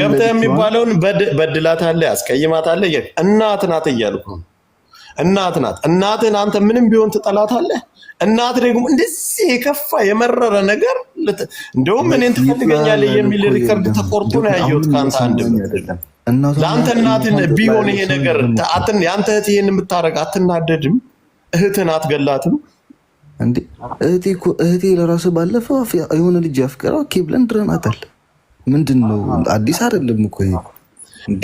ገብተ የሚባለውን በድላታለህ፣ አስቀይማታለህ። እናት ናት እያልኩ እናት ናት። እናትህን አንተ ምንም ቢሆን ትጠላታለህ። እናት ደግሞ እንደዚህ የከፋ የመረረ ነገር እንደውም እኔን ትፈልገኛለህ የሚል ሪከርድ ተቆርጦ ነው ያየሁት ከአንተ አንድ ለአንተ እናትን ቢሆን ይሄ ነገር የአንተ እህት ይሄን የምታደርግ አትናደድም? እህትን አትገላትም? እንዴ እህቴ ለራሱ ባለፈው የሆነ ልጅ አፍቅራ ኬብለን ድረናታል። ምንድን ነው? አዲስ አይደለም እኮ ይሄ። እንዴ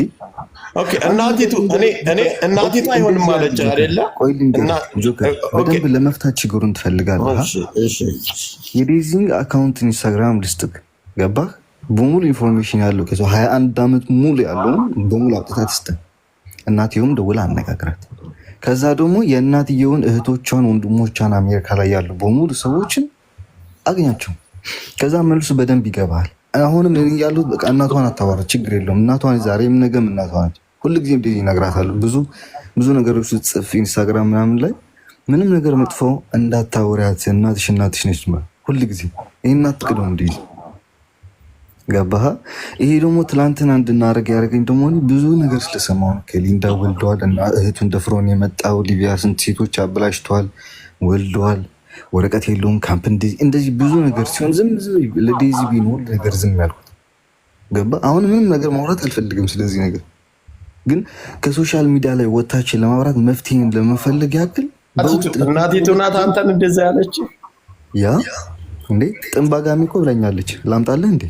እናቲቱ እናቲቱ አይሆንም ማለች አይደለ? ለመፍታት ችግሩን ትፈልጋለህ። የዴዚንግ አካውንት ኢንስታግራም ልስጥክ፣ ገባህ? በሙሉ ኢንፎርሜሽን ያለው ከ21 ዓመት ሙሉ ያለውን በሙሉ አውጥታት ስጠ። እናትየውም ደውላ አነጋግራት። ከዛ ደግሞ የእናትየውን እህቶቿን፣ ወንድሞቿን አሜሪካ ላይ ያሉ በሙሉ ሰዎችን አግኛቸው። ከዛ መልሱ በደንብ ይገባል። አሁንም ያሉት በቃ እናቷን አታዋራ፣ ችግር የለውም እናቷን ዛሬም ነገም እናቷ ናት። ሁልጊዜ እንደዚህ ይነግራታሉ። ብዙ ብዙ ነገሮች ስትጽፍ ኢንስታግራም ምናምን ላይ ምንም ነገር መጥፎ እንዳታወሪያት፣ እናትሽ እናትሽ ነች ሁልጊዜ ይህን አትቅደው። እንዲህ ገባህ? ይሄ ደግሞ ትላንትና እንድናደርግ ያደረገኝ ደግሞ ብዙ ነገር ስለሰማሁ ከሊንዳ ወልደዋል፣ እህቱን ደፍሮን የመጣው ሊቢያ ስንት ሴቶች አብላሽተዋል፣ ወልደዋል ወረቀት የለውም ካምፕ እንደዚህ ብዙ ነገር ሲሆን ዝም ለዴዚ ቢኖር ነገር ዝም ያልኩት ገባ። አሁን ምንም ነገር ማውራት አልፈልግም ስለዚህ ነገር ግን ከሶሻል ሚዲያ ላይ ወታችን ለማውራት መፍትሄን ለመፈለግ ያክል እናቴቱ ናት አንተን እንደዛ ያለች ያ እንዴ ጥንባጋሚ እኮ ብላኛለች። እንዴ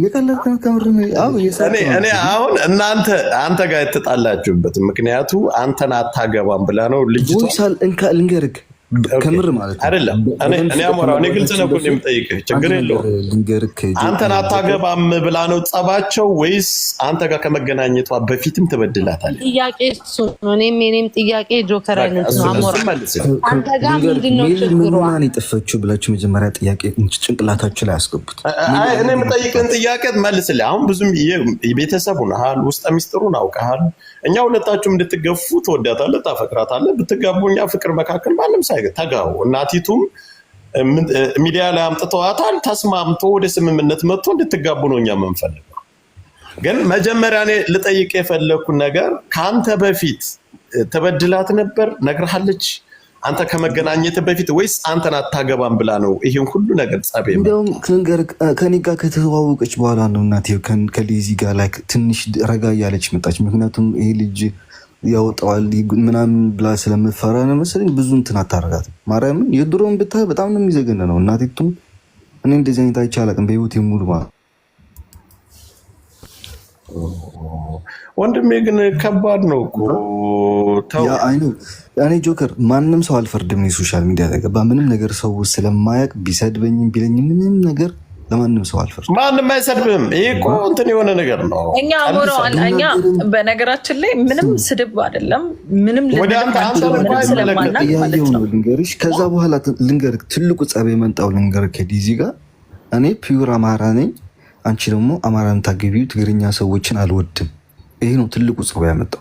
እኔ አሁን እናንተ አንተ ጋር የተጣላችሁበት ምክንያቱ አንተን አታገባም ብለህ ነው ልጅቷ ልንገርህ ከምር ማለት አይደለም። እኔ አሞራው እኔ ግልጽ ነው እኮ የምጠይቅህ ችግር የለውም። አንተን አታገባም ብላ ነው ጸባቸው ወይስ አንተ ጋር ከመገናኘቷ በፊትም ትበድላታለህ? ጥያቄ እሱ ነው። እኔም እኔም ጥያቄ ጆከር አይነት ነው። አሞራ አንተ ጋር ምንድን ነው ችግሯ? ማን የጠፈችው ብላችሁ መጀመሪያ ጥያቄ ጭንቅላታችሁ ላይ አስገቡት። እኔ የምጠይቅህን ጥያቄ መልስልህ። አሁን ብዙም ቤተሰቡን ውስጥ ሚስጥሩን አውቀሃል እኛ ሁለታችሁም እንድትገፉ ትወዳታለህ፣ ታፈቅራታለህ። ብትጋቡ እኛ ፍቅር መካከል ማንም ሳይ ተጋቡ። እናቲቱም ሚዲያ ላይ አምጥተዋታል። ተስማምቶ ወደ ስምምነት መጥቶ እንድትጋቡ ነው እኛ የምንፈልገው። ግን መጀመሪያ እኔ ልጠይቅ የፈለግኩ ነገር ከአንተ በፊት ተበድላት ነበር ነግርሃለች? አንተ ከመገናኘት በፊት ወይስ አንተን አታገባም ብላ ነው ይሄን ሁሉ ነገር ጸብ? እንዲያውም ከኔ ጋር ከተዋወቀች በኋላ ነው እናቴ ከሌዚ ጋር ላይ ትንሽ ረጋ እያለች መጣች። ምክንያቱም ይሄ ልጅ ያወጣዋል ምናምን ብላ ስለምፈራ ነው መሰለኝ ብዙ እንትን አታረጋት ማርያምን የድሮውን ብታይ በጣም ነው የሚዘገነ ነው እናቴቱም እኔ እንደዚህ አይነት አይቼ አላውቅም በህይወት የሙሉ ማለት ወንድሜ ግን ከባድ ነው እኮ እኔ ጆከር ማንም ሰው አልፈርድም። ሶሻል ሚዲያ ተገባ ምንም ነገር ሰው ስለማያቅ ቢሰድበኝም ቢለኝ ምንም ነገር ለማንም ሰው አልፈርድም። ማንም አይሰድብም። ይህ እኮ እንትን የሆነ ነገር ነው። እኛ እኛ በነገራችን ላይ ምንም ስድብ አይደለም። ምንም ያየው ነው ልንገርሽ። ከዛ በኋላ ልንገር ትልቁ ጸብ የመጣው ልንገር ከዲዚ ጋር እኔ ፒውር አማራ ነኝ አንቺ ደግሞ አማራን ታገቢው ትግርኛ ሰዎችን አልወድም። ይሄ ነው ትልቁ ጽሁ ያመጣው።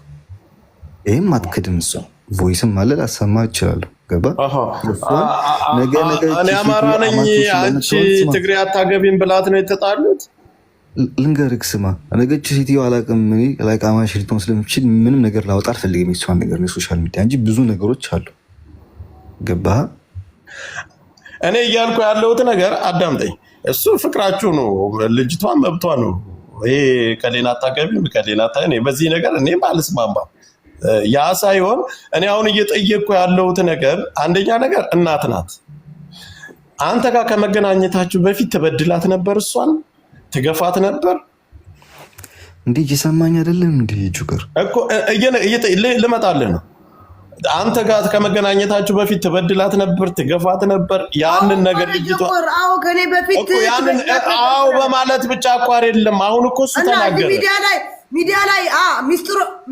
ይህም አትክድም እሷ ቮይስም አለ ላሰማ ይችላሉ። ገባ ነገ አማራ ነኝ አንቺ ትግሬ አታገቢም ብላት ነው የተጣሉት። ልንገርክ ስማ፣ ነገች ሴትዮ አላቅም ላይ ቃማ ሪቶን ስለምችል ምንም ነገር ላወጣ አልፈልግም። የሚሰዋ ነገር ሶሻል ሚዲያ እንጂ ብዙ ነገሮች አሉ። ገባ እኔ እያልኩ ያለሁት ነገር አዳምጠኝ እሱ ፍቅራችሁ ነው። ልጅቷ መብቷ ነው። ይሄ ከሌና አታገቢም ከሌና ታ በዚህ ነገር እኔም አልስማማም። ያ ሳይሆን እኔ አሁን እየጠየቅኩ ያለሁት ነገር አንደኛ ነገር እናት ናት። አንተ ጋር ከመገናኘታችሁ በፊት ትበድላት ነበር፣ እሷን ትገፋት ነበር። እንዲህ እየሰማኝ አይደለም። እንዲህ ጁገር እኮ ልመጣልህ ነው አንተ ጋር ከመገናኘታችሁ በፊት ትበድላት ነበር፣ ትገፋት ነበር። ያንን ነገር ልጅቷ በማለት ብቻ አኳር የለም። አሁን እኮ እሱ ተናገረ። ሚዲያ ላይ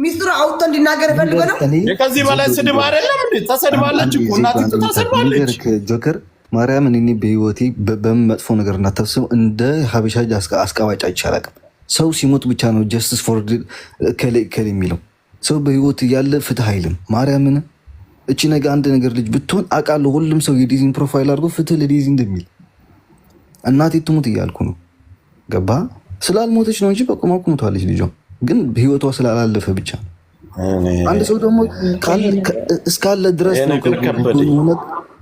ሚስጥሩ አውጥቶ እንዲናገር ፈልጎ ነው። ከዚህ በላይ ስድብ አይደለም። እንዴ ተሰድባለች እኮ እናት ተሰድባለች። ጆከር ማርያምን እኔ በህይወቴ በምን መጥፎ ነገር እናታስብ እንደ ሀበሻ አስቀባጫ ይቻላል። ሰው ሲሞት ብቻ ነው ጀስትስ ፎር ከሌ ከሌ የሚለው ሰው በህይወት እያለ ፍትህ አይልም። ማርያምን እቺ ነገ አንድ ነገር ልጅ ብትሆን አውቃለሁ። ሁሉም ሰው የዴዚን ፕሮፋይል አድርጎ ፍትህ ለዴዚ እንደሚል እናቴ ትሙት እያልኩ ነው። ገባ ስላልሞተች ነው እንጂ በቁማ ቁምቷለች። ልጇ ግን ህይወቷ ስላላለፈ ብቻ አንድ ሰው ደግሞ እስካለ ድረስ ነው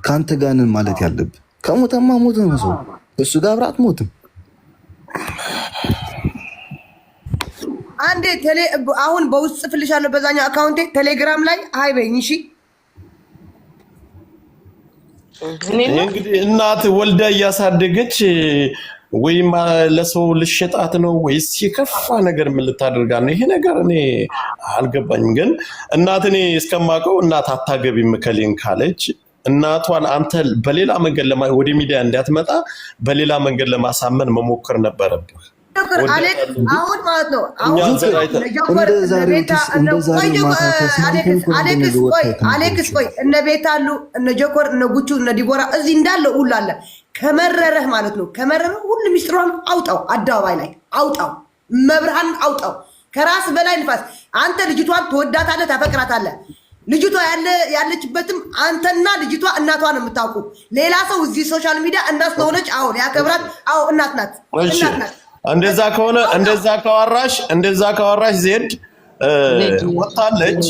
ከአንተ ጋር ነን ማለት ያለብህ። ከሞተማ ሞት ነው ሰው እሱ ጋር አብረህ ሞትም አንዴ ቴሌ አሁን በውስጥ ጽፍልሻለሁ በዛኛው አካውንቴ ቴሌግራም ላይ አይ በይኝ። እሺ እንግዲህ እናት ወልዳ እያሳደገች ወይም ለሰው ልሸጣት ነው ወይስ የከፋ ነገር ምን ልታደርጋ ነው? ይሄ ነገር እኔ አልገባኝም። ግን እናት እኔ እስከማውቀው እናት አታገቢ እከሌን ካለች እናቷን አንተ በሌላ መንገድ ወደ ሚዲያ እንዳትመጣ በሌላ መንገድ ለማሳመን መሞከር ነበረብህ። አሁን ማለት አሌክስ ቆይ፣ እነ ቤት አሉ እነ ጆኮር እነ ጉቹ እነ ዲቦራ እዚህ እንዳለው ሁሉ አለ። ከመረረህ ማለት ነው ከመረረህ ሁሉ ሚስጥሯን አውጣው፣ አደባባይ ላይ አውጣው፣ መብርሃን አውጣው፣ ከራስ በላይ ንፋስ። አንተ ልጅቷን ትወዳታለህ፣ ታፈቅራታለህ። ልጅቷ ያለችበትም አንተና ልጅቷ እናቷ ነው የምታውቁ። ሌላ ሰው እዚህ ሶሻል ሚዲያ እናት ስለሆነች አሁን ያከብራት፣ አዎ እናት ናት፣ እናት ናት እንደዛ ከሆነ እንደዛ ካወራሽ እንደዛ ካወራሽ ዜድ ወጣለች።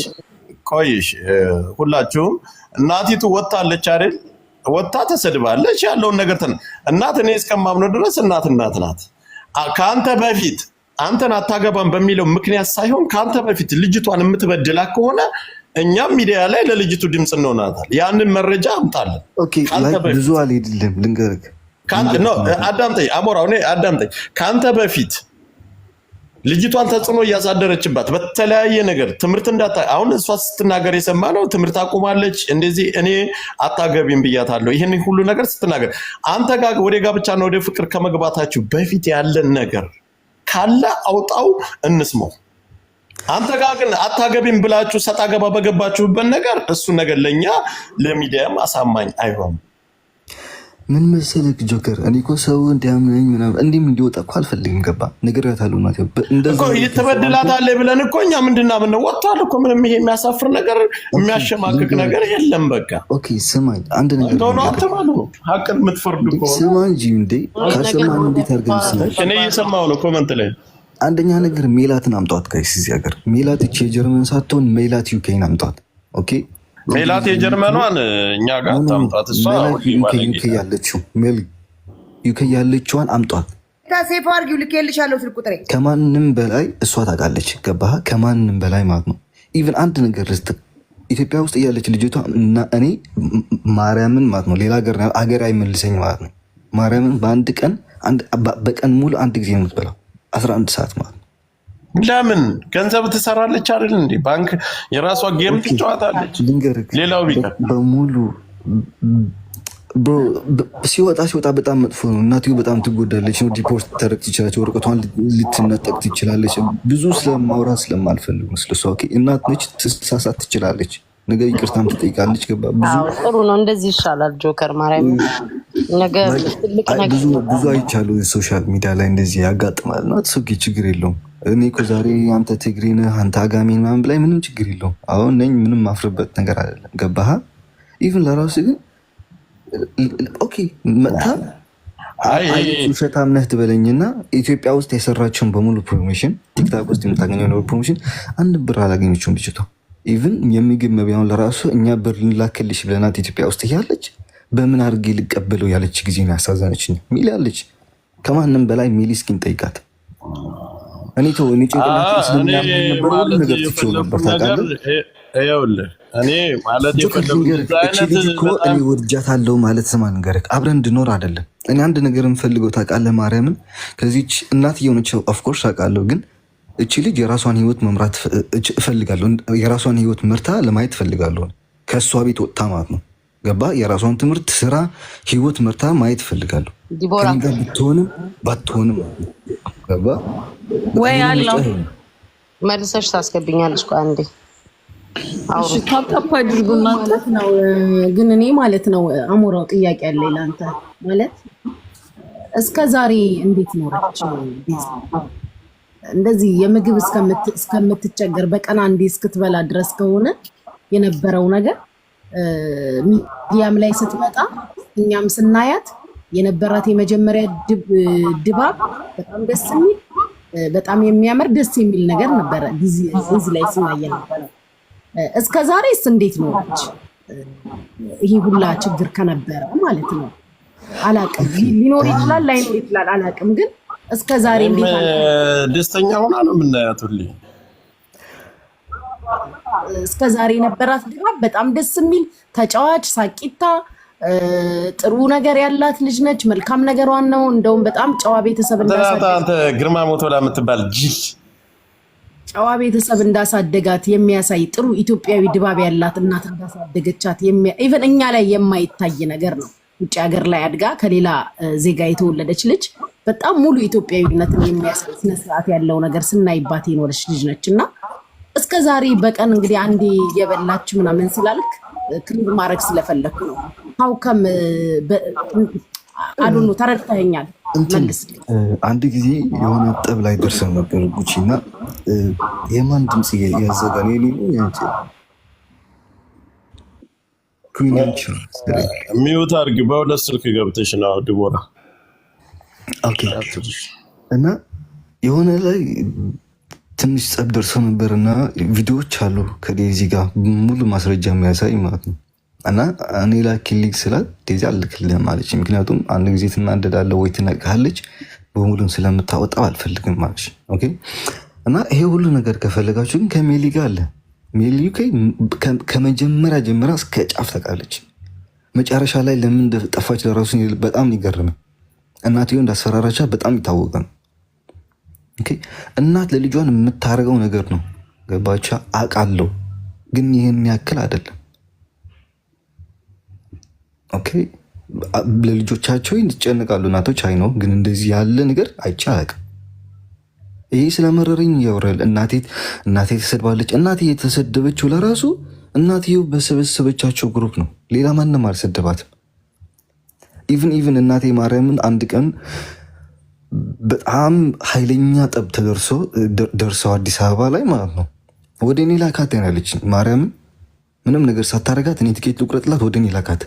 ቆይሽ ሁላችሁም እናቲቱ ወጣለች አይደል? ወጣ ተሰድባለች ያለውን ነገር እናት እኔ እስከማምነው ድረስ እናት እናት ናት። ከአንተ በፊት አንተን አታገባም በሚለው ምክንያት ሳይሆን ከአንተ በፊት ልጅቷን የምትበድላ ከሆነ እኛም ሚዲያ ላይ ለልጅቱ ድምፅ እንሆናታል። ያንን መረጃ አምጣለን። ብዙ አልሄድልም ልንገርህ አዳምጠኝ አሞራው፣ እኔ አዳምጠኝ። ከአንተ በፊት ልጅቷን ተጽዕኖ እያሳደረችባት በተለያየ ነገር ትምህርት እንዳታ አሁን እሷ ስትናገር የሰማ ነው። ትምህርት አቁማለች እንደዚህ እኔ አታገቢም ብያታለሁ። ይህን ሁሉ ነገር ስትናገር አንተ ጋር ወደ ጋብቻና ወደ ፍቅር ከመግባታችሁ በፊት ያለን ነገር ካለ አውጣው እንስመው አንተ ጋር ግን አታገቢም ብላችሁ ሰጣ ገባ በገባችሁበት ነገር እሱ ነገር ለእኛ ለሚዲያም አሳማኝ አይሆንም። ምን መሰለህ ጆከር፣ እኔ እኮ ሰው እንዲያምነኝ ምናምን እንዲህም እንዲወጣ እኮ አልፈልግም። ገባ ነግሬያታለሁ። ናት እየተበድላታለች ብለን እኮ እኛ ምንድና ምን ወጥቷል እኮ ምንም ይሄ የሚያሳፍር ነገር የሚያሸማቅቅ ነገር የለም። በቃ ኦኬ፣ ስማኝ አንድ ነገር ሆነ አትባሉ። ሀቅን የምትፈርዱ ስማ እንጂ እንዴ ከሰማን እንዴት አድርገን ስማ። እኔ እየሰማሁ ነው ኮመንት ላይ አንደኛ ነገር ሜላትን አምጧት ጋይስ፣ እዚህ ሀገር ሜላት ይቺ የጀርመን ሳትሆን ሜላት ዩኬን አምጧት። ኦኬ ሜላት የጀርመኗን እኛ ጋር ታምጣት። እሷ ዩኬ ያለችው ሜል ዩኬ ያለችዋን አምጧት። ሴፍ አድርጊው ልኬልሻለሁ ስልክ ቁጥሬ። ከማንም በላይ እሷ ታውቃለች። ገባህ? ከማንም በላይ ማለት ነው። ኢቨን አንድ ነገር ልስጥህ፣ ኢትዮጵያ ውስጥ እያለች ልጅቷ እና እኔ ማርያምን ማለት ነው ሌላ ሀገር አገር አይመልሰኝ ማለት ነው። ማርያምን በአንድ ቀን በቀን ሙሉ አንድ ጊዜ የምትበላው 11 ሰዓት ማለት ነው ለምን ገንዘብ ትሰራለች አይደል እንዴ? ባንክ የራሷ ጌም ትጫወታለች። ሌላው ቢቀር በሙሉ ሲወጣ ሲወጣ በጣም መጥፎ ነው። እናትዮ በጣም ትጎዳለች ነው። ዲፖርት ታደርግ ትችላለች። ወረቀቷን ልትነጠቅ ትችላለች። ብዙ ስለማውራት ስለማልፈልግ መስለሷ እናት ነች። ትሳሳት ትችላለች። ነገ ይቅርታም ትጠይቃለች። ገባ ጥሩ ነው። እንደዚህ ይሻላል። ጆከር ማርያም ብዙ አይቻሉ ሶሻል ሚዲያ ላይ እንደዚህ ያጋጥማል። ና ችግር የለውም እኔ እኮ ዛሬ አንተ ትግሬ ነህ አንተ አጋሜ ምናምን ብላይ ምንም ችግር የለውም። አሁን ነኝ ምንም ማፍርበት ነገር አይደለም። ገባህ? ኢቭን ለራሱ ግን ኦኬ መታ ውሸታም ነህ ትበለኝና ኢትዮጵያ ውስጥ የሰራችውን በሙሉ ፕሮሞሽን ቲክታክ ውስጥ የምታገኘው ፕሮሞሽን አንድ ብር አላገኘችውም ልጅቷ። ኢቭን የምግብ መቢያውን ለራሱ እኛ ብር ልላክልሽ ብለናት ኢትዮጵያ ውስጥ እያለች በምን አድርጌ ልቀበለው ያለች ጊዜ ነው ሚል ያለች ከማንም በላይ ሚል እስኪን ጠይቃት እኔ ተው እኔ ጭንቅላት ስለምናምን ነበር ሁሉ ነገር ትቼው ነበር። ታውቃለህ እኔ ማለት የፈለጉት እኔ ወድጃታለሁ ማለት ስማ ንገረክ አብረን እንድኖር አይደለም። እኔ አንድ ነገር የምፈልገው ታውቃለህ፣ ማርያምን ከዚች እናት እየሆነች ኦፍኮርስ ታውቃለሁ፣ ግን እቺ ልጅ የራሷን ህይወት መምራት እፈልጋለሁ። የራሷን ህይወት ምርታ ለማየት እፈልጋለሁ። ከእሷ ቤት ወጥታ ማለት ነው ገባ የራሷን ትምህርት፣ ስራ፣ ህይወት ምርታ ማየት እፈልጋለሁ። ከእኔ ጋር ብትሆንም ባትሆንም ወይ አለው መልሰሽ ታስገብኛለች። አንዴ ታፕታፕ አድርጉ እናንተ ነው። ግን እኔ ማለት ነው አሞራው ጥያቄ አለ ለአንተ ማለት እስከ ዛሬ እንዴት ኖረች? እንደዚህ የምግብ እስከምትቸገር በቀን አንዴ እስክትበላ ድረስ ከሆነ የነበረው ነገር ሚዲያም ላይ ስትመጣ እኛም ስናያት የነበራት የመጀመሪያ ድባብ በጣም ደስ የሚል በጣም የሚያምር ደስ የሚል ነገር ነበረ። ጊዜ ላይ ስናየ ነበረ። እስከ ዛሬስ እንዴት ነች? ይሄ ሁላ ችግር ከነበረ ማለት ነው። አላቅም ሊኖር ይችላል ላይኖር ይችላል አላቅም፣ ግን እስከ ዛሬ እንዴት ደስተኛ ሆና ነው የምናያት ሁሌ እስከ ዛሬ የነበራት ድባብ በጣም ደስ የሚል ተጫዋች ሳቂታ ጥሩ ነገር ያላት ልጅ ነች። መልካም ነገሯን ነው። እንደውም በጣም ጨዋ ቤተሰብ እንዳሳደጋት ግርማ ሞቶላ የምትባል ጅል ጨዋ ቤተሰብ እንዳሳደጋት የሚያሳይ ጥሩ ኢትዮጵያዊ ድባብ ያላት እናት እንዳሳደገቻት ኢቨን እኛ ላይ የማይታይ ነገር ነው። ውጭ ሀገር ላይ አድጋ ከሌላ ዜጋ የተወለደች ልጅ በጣም ሙሉ ኢትዮጵያዊነትን የሚያሳይ ስነስርዓት ያለው ነገር ስናይባት የኖረች ልጅ ነች እና እስከ ዛሬ በቀን እንግዲህ አንዴ የበላች ምናምን ስላልክ ክሊር ማድረግ ስለፈለግኩ ነው። ሀውከም አዶኖ ተረድተኸኛል? መልስ። አንድ ጊዜ የሆነ ጠብ ላይ ደርሰን ነበር ጉቺ እና የማን ድምፅ ያዘጋል የሌሉ ያንቺ ሚዩት አድርጊ በሁለት ስልክ ገብተሽ ነው ድቦራ እና የሆነ ላይ ትንሽ ጸብ ደርሶ ነበር እና ቪዲዮዎች አሉ ከዴዚ ጋር ሙሉ ማስረጃ የሚያሳይ ማለት ነው። እና እኔ ላኪልኝ ስላት ዴዚ አልክልህም ማለች። ምክንያቱም አንድ ጊዜ ትናደዳለ ወይ ትነቅሃለች፣ በሙሉም ስለምታወጣው አልፈልግም ማለች። ኦኬ እና ይሄ ሁሉ ነገር ከፈለጋችሁ ግን ከሜሊ ጋር አለ። ሜሊ ከመጀመሪያ ጀምራ እስከ ጫፍ ተቃለች። መጨረሻ ላይ ለምን ጠፋች ለራሱ በጣም ይገርም። እናትዮ እንዳስፈራራቻ በጣም ይታወቀ ነው። እናት ለልጇን የምታደርገው ነገር ነው። ገባቻ አውቃለሁ፣ ግን ይህን ያክል አይደለም። ኦኬ ለልጆቻቸው ይጨነቃሉ እናቶች። አይ ነው ግን እንደዚህ ያለ ነገር አይቼ አላውቅም። ይሄ ስለመረረኝ እያወራል። እናቴ እናቴ ተሰድባለች። እናቴ የተሰደበችው ለራሱ እናትየው በሰበሰበቻቸው ግሩፕ ነው። ሌላ ማንም አልሰደባትም። ኢቭን ኢቭን እናቴ ማርያምን አንድ ቀን በጣም ኃይለኛ ጠብ ተደርሶ ደርሰው አዲስ አበባ ላይ ማለት ነው። ወደ እኔ ላካት ያለች ማርያም ምንም ነገር ሳታረጋት እኔ ትኬት ልቁረጥላት ወደ እኔ ላካት።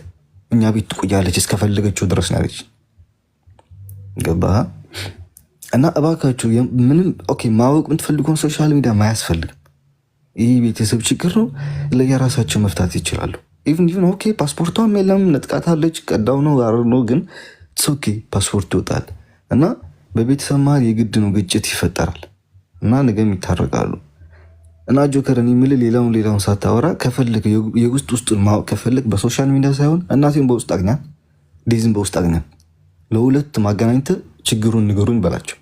እኛ ቤት ትቆያለች እስከፈለገችው ድረስ ነው ያለች። ገባ እና እባካችሁ ምንም ኦኬ። ማወቅ የምትፈልገውን ሶሻል ሚዲያ ማያስፈልግም። ይህ ቤተሰብ ችግር ነው፣ ለየራሳቸው መፍታት ይችላሉ። ኢቭን ኢቭን ኦኬ ፓስፖርቷም የለም ነጥቃታለች። ቀዳው ነው ነው ግን ኦኬ ፓስፖርት ይወጣል እና በቤተሰብ መሀል የግድ ነው ግጭት ይፈጠራል እና ነገም ይታረቃሉ። እና ጆከርን የሚል ሌላውን ሌላውን ሳታወራ ከፈልግ የውስጥ ውስጡን ማወቅ ከፈልግ በሶሻል ሚዲያ ሳይሆን እናቴን በውስጥ አግኛ ዴዝን በውስጥ አግኛ ለሁለት ማገናኝተ ችግሩን ንገሩኝ በላቸው።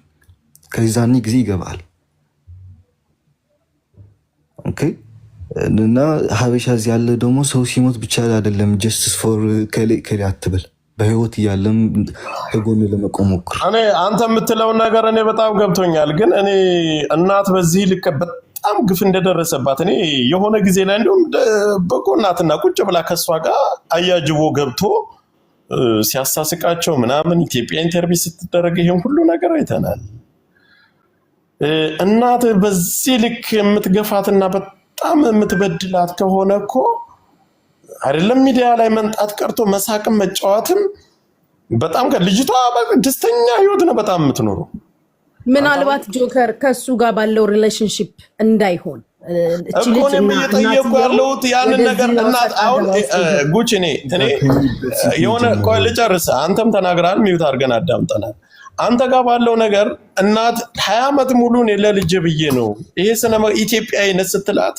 ከዛኔ ጊዜ ይገባል። ኦኬ እና ሀበሻ እዚህ ያለ ደግሞ ሰው ሲሞት ብቻ አይደለም ጀስትስ ፎር ከሌ ከሌ አትበል። በህይወት እያለም ከጎን ለመቆም ሞክር። እኔ አንተ የምትለውን ነገር እኔ በጣም ገብቶኛል፣ ግን እኔ እናት በዚህ ልክ በጣም ግፍ እንደደረሰባት እኔ የሆነ ጊዜ ላይ እንዲሁም በጎ እናትና ቁጭ ብላ ከሷ ጋር አያጅቦ ገብቶ ሲያሳስቃቸው ምናምን ኢትዮጵያ ኢንተርቪ ስትደረግ ይህም ሁሉ ነገር አይተናል። እናት በዚህ ልክ የምትገፋትና በጣም የምትበድላት ከሆነ እኮ አይደለም ሚዲያ ላይ መንጣት ቀርቶ መሳቅም መጫወትም በጣም ልጅቷ ደስተኛ ህይወት ነው በጣም የምትኖረው። ምናልባት ጆከር ከሱ ጋር ባለው ሪሌሽንሽፕ እንዳይሆን እኮ እኔም እየጠየኩ ያለሁት ያንን ነገር እናት አሁን ጉች እኔ የሆነ ቆይ ልጨርስ። አንተም ተናግራል ሚዩት አድርገን አዳምጠናል። አንተ ጋር ባለው ነገር እናት ሀያ ዓመት ሙሉ እኔ ለልጄ ብዬ ነው ይሄ ስነ ኢትዮጵያዊነት ስትላት፣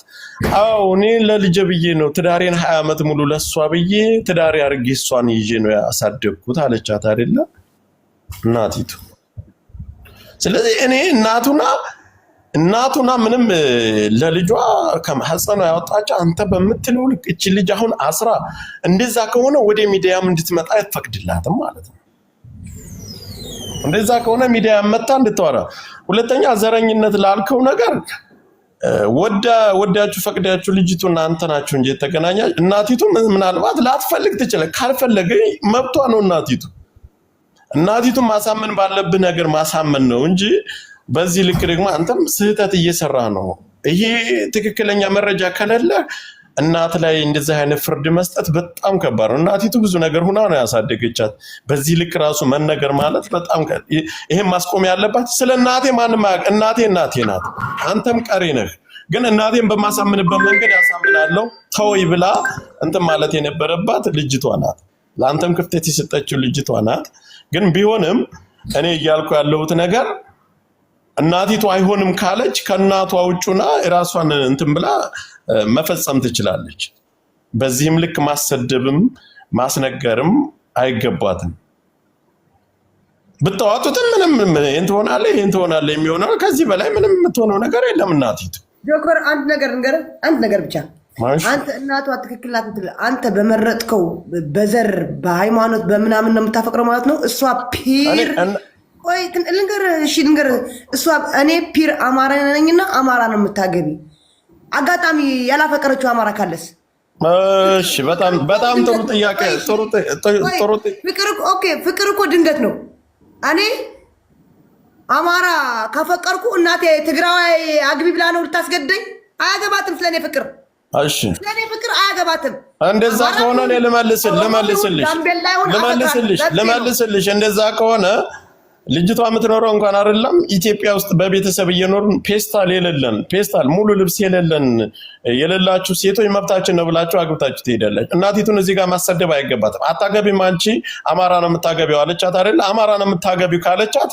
አዎ እኔ ለልጄ ብዬ ነው ትዳሬን ሀያ ዓመት ሙሉ ለእሷ ብዬ ትዳሬ አድርጌ እሷን ይዤ ነው ያሳደግኩት አለቻት አይደለ እናቲቱ። ስለዚህ እኔ እናቱና እናቱና ምንም ለልጇ ከማህፀኗ ያወጣች አንተ በምትለው ልክ እቺ ልጅ አሁን አስራ እንደዛ ከሆነ ወደ ሚዲያም እንድትመጣ አይፈቅድላትም ማለት ነው። እንደዛ ከሆነ ሚዲያ ያመጣ እንድታወራ። ሁለተኛ ዘረኝነት ላልከው ነገር ወዳ ወዳችሁ ፈቅዳችሁ ልጅቱ እናንተ ናችሁ እንጂ የተገናኛች እናቲቱ ምናልባት ላትፈልግ ትችላል። ካልፈለገ መብቷ ነው። እናቲቱ እናቲቱ ማሳመን ባለብህ ነገር ማሳመን ነው እንጂ በዚህ ልክ ደግሞ አንተም ስህተት እየሰራ ነው። ይሄ ትክክለኛ መረጃ ከሌለ እናት ላይ እንደዚህ አይነት ፍርድ መስጠት በጣም ከባድ ነው። እናቲቱ ብዙ ነገር ሁና ነው ያሳደገቻት። በዚህ ልክ ራሱ መነገር ማለት በጣም ይሄን ማስቆም ያለባት። ስለ እናቴ ማንም አያውቅ። እናቴ እናቴ ናት። አንተም ቀሪ ነህ። ግን እናቴን በማሳምንበት መንገድ ያሳምናለው ተወይ ብላ እንትን ማለት የነበረባት ልጅቷ ናት። ለአንተም ክፍተት የሰጠችው ልጅቷ ናት። ግን ቢሆንም እኔ እያልኩ ያለሁት ነገር እናቲቱ አይሆንም ካለች ከእናቷ ውጩና የራሷን እንትን ብላ መፈጸም ትችላለች። በዚህም ልክ ማሰደብም ማስነገርም አይገባትም። ብታዋጡትም ምንም ይህን ትሆናለ ይህን ትሆናለ የሚሆነው ከዚህ በላይ ምንም የምትሆነው ነገር የለም። እናቲቱ ዶክተር አንድ ነገር ንገር፣ አንድ ነገር ብቻ አንተ እናቷ ትክክል ናት። አንተ በመረጥከው በዘር በሃይማኖት በምናምን ነው የምታፈቅረው ማለት ነው እሷ ፒር ቆይ ልንገርህ፣ እሺ ልንገርህ፣ እሷ እኔ ፒር አማራ ነኝና አማራ ነው የምታገቢ። አጋጣሚ ያላፈቀረችው አማራ ካለስ? እሺ፣ በጣም በጣም ጥሩ ጥያቄ። ጥሩ ጥሩ ፍቅር ኦኬ፣ ፍቅር እኮ ድንገት ነው። እኔ አማራ ካፈቀርኩ እናቴ ትግራዋይ አግቢ ብላ ነው ልታስገደኝ? አያገባትም። ስለኔ ፍቅር እሺ፣ ስለኔ ፍቅር አያገባትም። እንደዛ ከሆነ እኔ ልመልስልሽ ልመልስልሽ ልመልስልሽ ልመልስልሽ እንደዛ ከሆነ ልጅቷ የምትኖረው እንኳን አይደለም ኢትዮጵያ ውስጥ በቤተሰብ እየኖርን ፔስታል የሌለን ፔስታል ሙሉ ልብስ የሌለን የሌላችሁ ሴቶች መብታችን ነው ብላችሁ አግብታችሁ ትሄዳለች። እናቲቱን እዚህ ጋር ማሰደብ አይገባትም። አታገቢም አንቺ አማራ ነው የምታገቢው አለቻት አይደለ? አማራ ነው የምታገቢው ካለቻት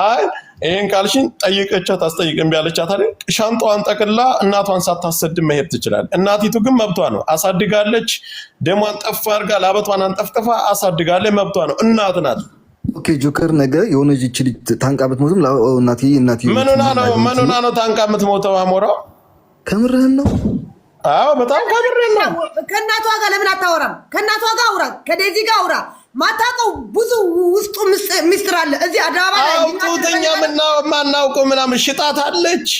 አይ ይህን ካልሽን ጠይቀቻት አስጠይቅ እምቢ አለቻት አይደል? ሻንጣዋን ጠቅላ እናቷን ሳታሰድ መሄድ ትችላል። እናቲቱ ግን መብቷ ነው። አሳድጋለች። ደሟን ጠፍ አድርጋ ላበቷን አንጠፍጥፋ አሳድጋለች። መብቷ ነው። እናት ናት። ኦኬ ጆከር ነገ የሆነ ጅች ልጅ ታንቃ ብትሞትም እናት እናት ምኑና ነው ምንና ነው ታንቃ ምትሞተው? አሞራው ከምርህን ነው? አዎ በጣም ከምርህን ነው። ከእናቷ ጋር ለምን አታወራም? ከእናቷ ጋር አውራ፣ ከዴዚ ጋር አውራ። ማታውቀው ብዙ ውስጡ ሚስጥር አለ። እዚህ አደባባይ ላይ ቁጥኛ ምናውቀው ምናምን ሽጣት አለች፣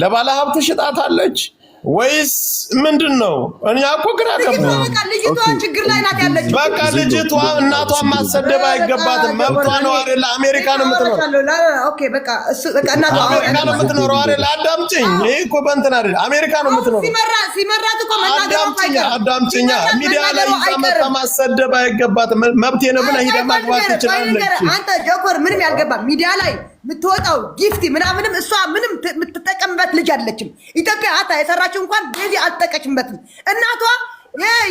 ለባለ ሀብት ሽጣት አለች። ወይስ ምንድን ነው? እኔ እኮ ግራ ገባኝ። በቃ ልጅቷ እናቷን ማሰደብ አይገባትም፣ መብቷ ነው አይደለ? አሜሪካ ነው የምትኖረው አይደለ? አዳምጪኝ። ይህ እኮ በእንትን አይደለ፣ አሜሪካ ነው የምትኖረው። አዳምጪኛ። ሚዲያ ላይ ይዛ መታ ማሰደብ አይገባትም፣ መብቴ ነው ብላ ሂዳ ማግባት ትችላለች። የምትወጣው ጊፍቲ ምናምንም እሷ ምንም የምትጠቀምበት ልጅ አለችም። ኢትዮጵያ አታ የሰራችው እንኳን ዴዚ አልጠቀችበትም። እናቷ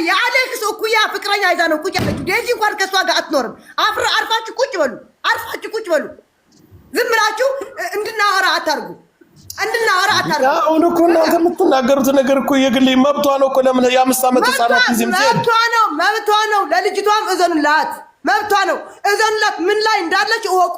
የአሌክስ እኩያ ፍቅረኛ ይዛ ነው ቁጭ ያለችው። ዴዚ እንኳን ከእሷ ጋር አትኖርም። አርፋችሁ ቁጭ በሉ፣ አርፋችሁ ቁጭ በሉ። ዝም ብላችሁ እንድናወራ አታርጉ፣ እንድናወራ አታርጉ። አሁን እኮ እናንተ የምትናገሩት ነገር እኮ የግሌ መብቷ ነው እኮ ለምን የአምስት ዓመት ህጻናት ጊዜም መብቷ ነው፣ መብቷ ነው። ለልጅቷም እዘኑላት፣ መብቷ ነው፣ እዘኑላት። ምን ላይ እንዳለች እወቁ።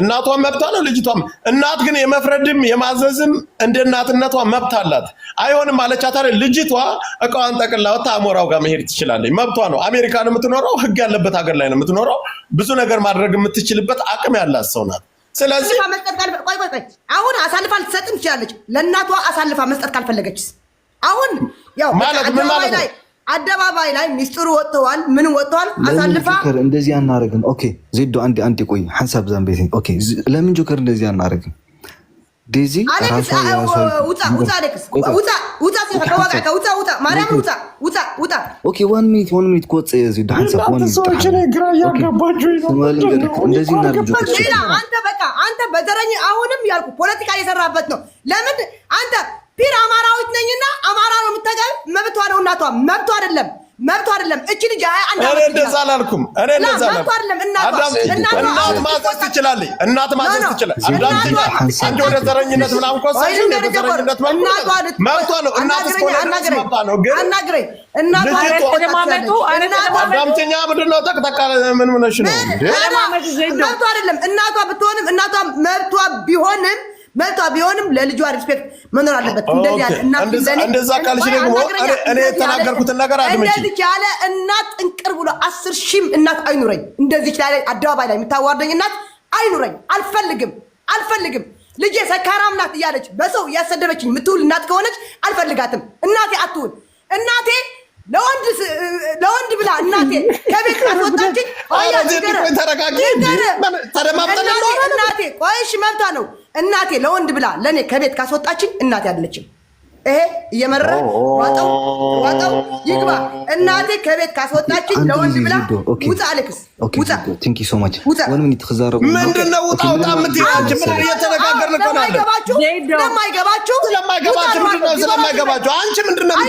እናቷም መብቷ አለው ልጅቷም። እናት ግን የመፍረድም የማዘዝም እንደ እናትነቷ መብት አላት። አይሆንም ማለቻት ልጅቷ እቃዋን ጠቅላ ወጥታ አሞራው ጋር መሄድ ትችላለች፣ መብቷ ነው። አሜሪካን የምትኖረው ህግ ያለበት ሀገር ላይ ነው የምትኖረው። ብዙ ነገር ማድረግ የምትችልበት አቅም ያላት ሰው ናት። ስለዚህ አሁን አሳልፋ ልትሰጥም ትችላለች። ለእናቷ አሳልፋ መስጠት ካልፈለገችስ አሁን ያው ማለት ምን ማለት ነው? አደባባይ ላይ ሚስጥሩ ወጥተዋል። ምን ወጥተዋል? አሳልፋ እንደዚህ አናረግም። ኦኬ ዜዶ አንድ አንድ ቆይ ሀሳብ ዛም ኦኬ። ለምን ጆከር እንደዚህ አናረግም? ዴዚ ውጣ ውጣ ውጣ ውጣ ውጣ ውጣ ውጣ ውጣ ውጣ ኦኬ። ዋን ሚኒት ዋን ሚኒት ግራ ነው። እንደዚህ አንተ በቃ አንተ አሁንም ያልኩ ፖለቲካ እየሰራበት ነው። ለምን አንተ ፒር አማራዎች ነኝና አማራ ነው የምታገባው። መብቷ ነው እናቷ መብቷ አይደለም መብቷ አይደለም። እቺ ልጅ አይ አንድ እኔ እንደዛ አላልኩም። እኔ እንደዛ እናት ማዘዝ ትችላለች። እናት ማዘዝ ትችላለች። አንድ ወደ ዘረኝነት ምናምን ኮስ ወደ ዘረኝነት መብቷ ነው። እናት ስኮላ ነው ግን አናግረኝ እናት ምንድን ነው ጠቅጠቃ ምን ምነሽ ነው መብቷ አይደለም። እናቷ ብትሆንም እናቷ መብቷ ቢሆንም መብቷ ቢሆንም ለልጇ ሪስፔክት መኖር አለበት። እንደዛ ካልሽ ደግሞ እኔ የተናገርኩትን ነገር አድምጪ። እንደዚህ ያለ እናት እንቅር ብሎ አስር ሺህም እናት አይኑረኝ። እንደዚህ ላይ አደባባይ ላይ የምታዋርደኝ እናት አይኑረኝ። አልፈልግም፣ አልፈልግም። ልጄ ሰካራም ናት እያለች በሰው እያሰደበችኝ የምትውል እናት ከሆነች አልፈልጋትም። እናቴ አትውል እናቴ ለወንድ ብላ እናቴ ከቤት አስወጣችኝ። ተረጋጊ። ተደማምጠን እናቴ ቆይሽ መብቷ ነው እናቴ ለወንድ ብላ ለእኔ ከቤት ካስወጣችኝ እናቴ አለችም። ይሄ እየመረ ዋጠው ዋጠው ይግባ። እናቴ ከቤት ካስወጣችኝ ለወንድ ብላ ውጣ፣ አሌክስ ውጣ። ምንድን ነው ውጣ ውጣ ምን ነው ምንድን ነው ስለማይገባችሁ? አንቺ ምንድን ነው ነው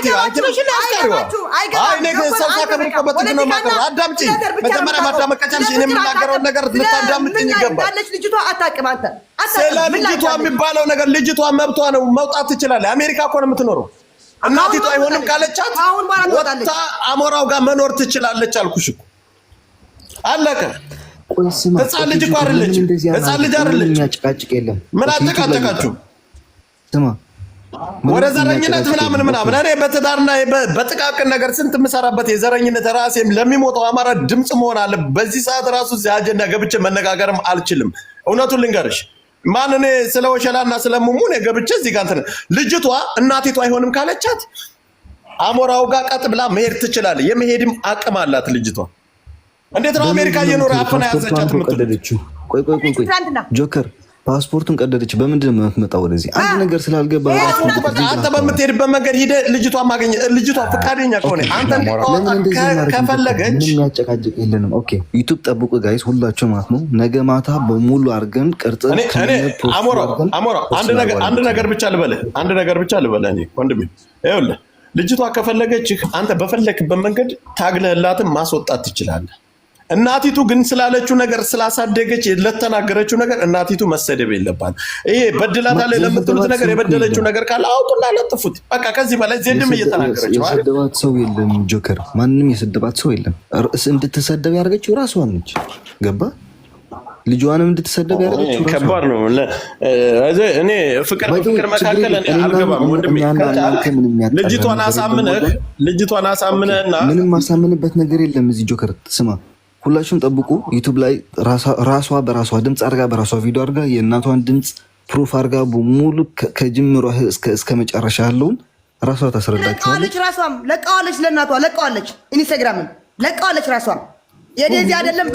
አዳምጪኝ መጀመሪያ፣ ከቻልሽ እኔ የምናገረውን ነገር ልታዳምጪኝ ይገባል። ልጅቷ አታውቅም አንተ ስለ ልጅቷ የሚባለው ነገር ልጅቷ መብቷ ነው፣ መውጣት ትችላለች። አሜሪካ እኮ ነው የምትኖረው። እናቲቷ አይሆንም ካለቻት ወጣ አሞራው ጋር መኖር ትችላለች። አልኩሽ እኮ አለቀ። ህፃን ልጅ እኮ አይደለች፣ ህፃን ልጅ አይደለች። ምን አጨቃጨቃችሁ? ወደ ዘረኝነት ምናምን ምናምን እኔ በትዳርና በጥቃቅን ነገር ስንት የምሰራበት የዘረኝነት ራሴም ለሚሞተው አማራ ድምፅ መሆን አለ። በዚህ ሰዓት ራሱ እዚህ አጀንዳ ገብቼ መነጋገርም አልችልም። እውነቱን ልንገርሽ ማን እኔ ስለ እና ስለ ሙሙ ነው ገብቼ እዚህ ጋር እንትን ልጅቷ እናቲቷ አይሆንም ካለቻት አሞራው ጋር ቀጥ ብላ መሄድ ትችላለ። የመሄድም አቅም አላት ልጅቷ። እንዴት ነው አሜሪካ እየኖረ አፈና ያዘቻት ምትል? ቆይ ቆይ ቆይ ጆከር ፓስፖርቱን ቀደደች። በምንድን ነው የምትመጣው ወደዚህ? አንድ ነገር ስላልገባ አንተ በምትሄድበት መንገድ ሂደ ልጅቷ ማገኘ ልጅቷ ፈቃደኛ ከሆነ አንተ ከፈለገች የሚያጨቃጭቅ የለንም። ኦኬ ዩቱብ ጠብቁ ጋይስ፣ ሁላቸው ማለት ነው። ነገ ማታ በሙሉ አድርገን ቅርጽ አንድ ነገር ብቻ ልበለ አንድ ነገር ብቻ ልበለ ወንድሜ፣ ይኸውልህ ልጅቷ ከፈለገችህ አንተ በፈለግበት መንገድ ታግለህላትን ማስወጣት ትችላለህ። እናቲቱ ግን ስላለችው ነገር ስላሳደገች ለተናገረችው ነገር እናቲቱ መሰደብ የለባት። ይሄ በድላታ ላይ ለምትሉት ነገር የበደለችው ነገር ካለ አውጡና ለጥፉት። በቃ ከዚህ በላይ ዜድም እየተናገረች የሰደባት ሰው የለም። ጆከር ማንም የሰደባት ሰው የለም። እንድትሰደብ ያደርገችው ራሷ ነች። ገባ ልጇንም እንድትሰደብ ያደረገችው ከባድ ነው። እኔ ፍቅር በፍቅር መካከል አልገባም ወንድሜ። ልጅቷን አሳምነህ ልጅቷን አሳምነህና ምንም ማሳምንበት ነገር የለም እዚህ ጆከር ስማ ሁላችሁም ጠብቁ። ዩቱብ ላይ ራሷ በራሷ ድምፅ አርጋ በራሷ ቪዲዮ አርጋ የእናቷን ድምፅ ፕሩፍ አርጋ ሙሉ ከጅምሮ እስከ መጨረሻ ያለውን ራሷ ታስረዳችኋለች። ራሷም ለቃዋለች፣ ለእናቷ ለቃዋለች፣ ኢንስታግራምን ለቃዋለች። ራሷም የዴዚ አይደለም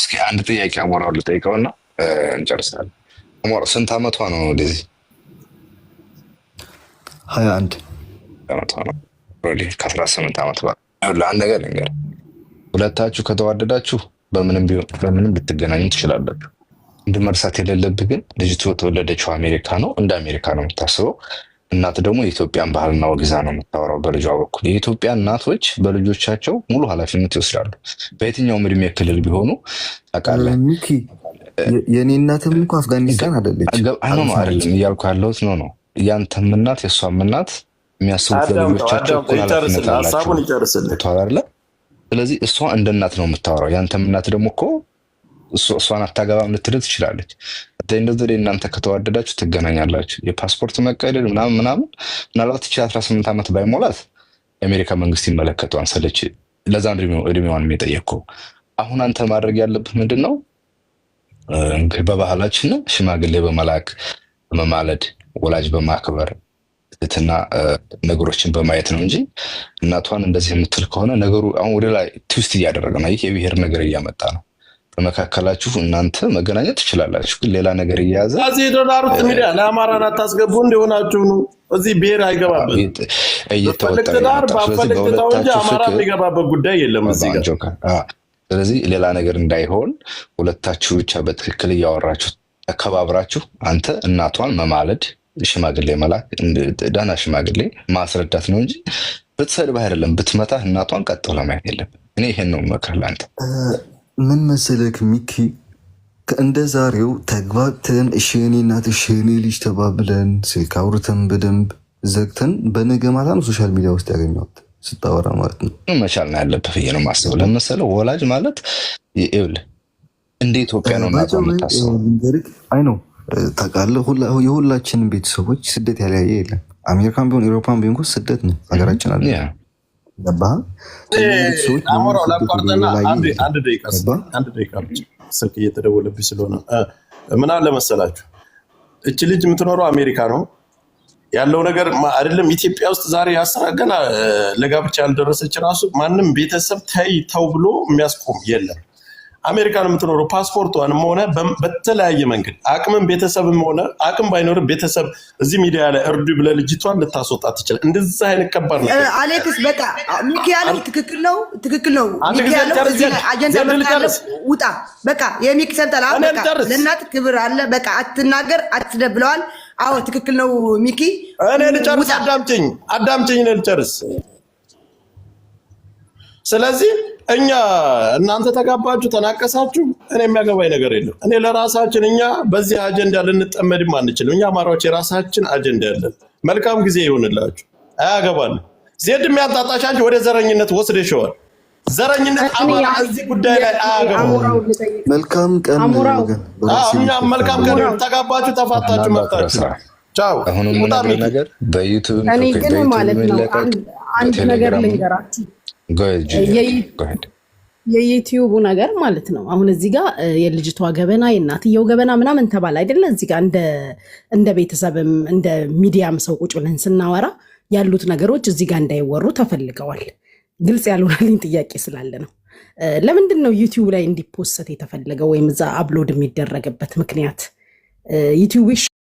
እስኪ አንድ ጥያቄ አሞራው ልጠይቀውና እንጨርሳለን። አሞራው ስንት አመቷ ነው ዴዚ? ሀያ አንድ አመቷ ነው ከአስራ ስምንት አመት በኋላ አንድ ነገር ነገር ሁለታችሁ ከተዋደዳችሁ በምንም ቢሆን በምንም ልትገናኙ ትችላላችሁ። እንድ መርሳት የሌለብህ ግን ልጅቱ ተወለደችው አሜሪካ ነው። እንደ አሜሪካ ነው የምታስበው። እናት ደግሞ የኢትዮጵያን ባህልና ወግዛ ነው የምታወራው። በልጇ በኩል የኢትዮጵያ እናቶች በልጆቻቸው ሙሉ ኃላፊነት ይወስዳሉ። በየትኛውም እድሜ ክልል ቢሆኑ ታውቃለህ። የእኔ እናትም እኮ አፍጋኒስታን አይደለች አይደለም እያልኩ ያለሁት ነው ነው ያንተም እናት የእሷም እናት የሚያስቡት ለልጆቻቸው ሀሳቡን ይጨርስልን። ስለዚህ እሷ እንደ እናት ነው የምታወራው። ያንተም እናት ደግሞ እኮ እሷን አታገባም ልትል ትችላለች። እንደዚ እናንተ ከተዋደዳችሁ ትገናኛላችሁ። የፓስፖርት መቀደድ ምናምን ምናምን ምናልባት ይቺ አስራ ስምንት ዓመት ባይሞላት የአሜሪካ መንግስት ይመለከተዋል። ሰለች ለዛ እድሜዋን የጠየቅከው አሁን አንተ ማድረግ ያለብህ ምንድን ነው? እንግዲህ በባህላችን ሽማግሌ በመላክ በመማለድ ወላጅ በማክበር ትህትና ነገሮችን በማየት ነው እንጂ እናቷን እንደዚህ የምትል ከሆነ ነገሩ አሁን ወደ ላይ ትዊስት እያደረገ ነው። ይህ የብሔር ነገር እያመጣ ነው። በመካከላችሁ እናንተ መገናኘት ትችላላችሁ፣ ግን ሌላ ነገር እያያዘ እዚህ ዶላሩት ሚዲያ ለአማራን አታስገቡ እንደሆናችሁ ነው። እዚህ ብሔር አይገባበት እየተወጣ እንጂ አማራ የሚገባበት ጉዳይ የለም እዚህ ጋር። ስለዚህ ሌላ ነገር እንዳይሆን ሁለታችሁ ብቻ በትክክል እያወራችሁ ተከባብራችሁ አንተ እናቷን መማለድ ሽማግሌ መላክ ዳና ሽማግሌ ማስረዳት ነው እንጂ ብትሰድብህ አይደለም ብትመታ እናቷን ቀጥ ብለህ ማየት የለም። እኔ ይሄን ነው መክር ለአንተ ምን መሰለህ ሚኪ፣ እንደ ዛሬው ተግባብተን እሺ የኔ እናት እሺ ልጅ ተባብለን ስልክ አውርተን በደንብ ዘግተን በነገ ማታ ነው ሶሻል ሚዲያ ውስጥ ያገኘት ስታወራ ማለት ነው መቻል ነው ያለብህ ብዬ ነው ማስበው። ለመሰለው ወላጅ ማለት ይኸውልህ እንደ ኢትዮጵያ ነው ናቷ የምታስበው። አይ ነው ታውቃለህ የሁላችንም ቤተሰቦች ስደት ያለያየ የለም። አሜሪካን ቢሆን ኤሮፓን ቢሆን ስደት ነው ሀገራችን አለ ስልክ እየተደወለብኝ ስለሆነ ምን አለ መሰላችሁ፣ እች ልጅ የምትኖረው አሜሪካ ነው ያለው ነገር አይደለም። ኢትዮጵያ ውስጥ ዛሬ ያሰራገና ለጋብቻ ያልደረሰች ራሱ ማንም ቤተሰብ ተይ ተው ብሎ የሚያስቆም የለም። አሜሪካን የምትኖረው ፓስፖርቷንም ሆነ በተለያየ መንገድ አቅምም ቤተሰብም ሆነ አቅም ባይኖርም ቤተሰብ እዚህ ሚዲያ ላይ እርዱ ብለ ልጅቷን ልታስወጣ ትችላል። እንደዚህ አይነት ከባድ ነው። አሌክስ በቃ ሚኪ ያለው ትክክል ነው፣ ትክክል ነው። ሚኪ ያለው አጀንዳ ውጣ። በቃ የሚኪ ሰምተሃል። ለእናት ክብር አለ። በቃ አትናገር፣ አትስደብ ብለዋል። አዎ ትክክል ነው ሚኪ። እኔ ልጨርስ፣ አዳምጪኝ፣ አዳምጪኝ፣ እኔ ልጨርስ ስለዚህ እኛ እናንተ ተጋባችሁ ተናቀሳችሁ፣ እኔ የሚያገባኝ ነገር የለም። እኔ ለራሳችን እኛ በዚህ አጀንዳ ልንጠመድም አንችልም። እኛ አማራዎች የራሳችን አጀንዳ ያለን። መልካም ጊዜ ይሆንላችሁ። አያገባን። ዜድ የሚያጣጣሻች ወደ ዘረኝነት ወስደሽዋል። ዘረኝነት አማራ እዚህ ጉዳይ ላይ አያገባም። መልካም ቀን። መልካም ቀን። ተጋባችሁ፣ ተፋታችሁ፣ መብታችሁ። ቻው። አሁንም ነገር በዩቱብ እኔ ግን ማለት ነው አንድ ነገር ልንገራችሁ የዩትዩቡ ነገር ማለት ነው። አሁን እዚህ ጋር የልጅቷ ገበና የእናትየው ገበና ምናምን ተባለ አይደለ? እዚህ ጋር እንደ ቤተሰብም እንደ ሚዲያም ሰው ቁጭ ብለን ስናወራ ያሉት ነገሮች እዚህ ጋር እንዳይወሩ ተፈልገዋል። ግልጽ ያልሆናልኝ ጥያቄ ስላለ ነው። ለምንድን ነው ዩትዩብ ላይ እንዲፖሰት የተፈለገው ወይም እዛ አፕሎድ የሚደረግበት ምክንያት ዩትዩብ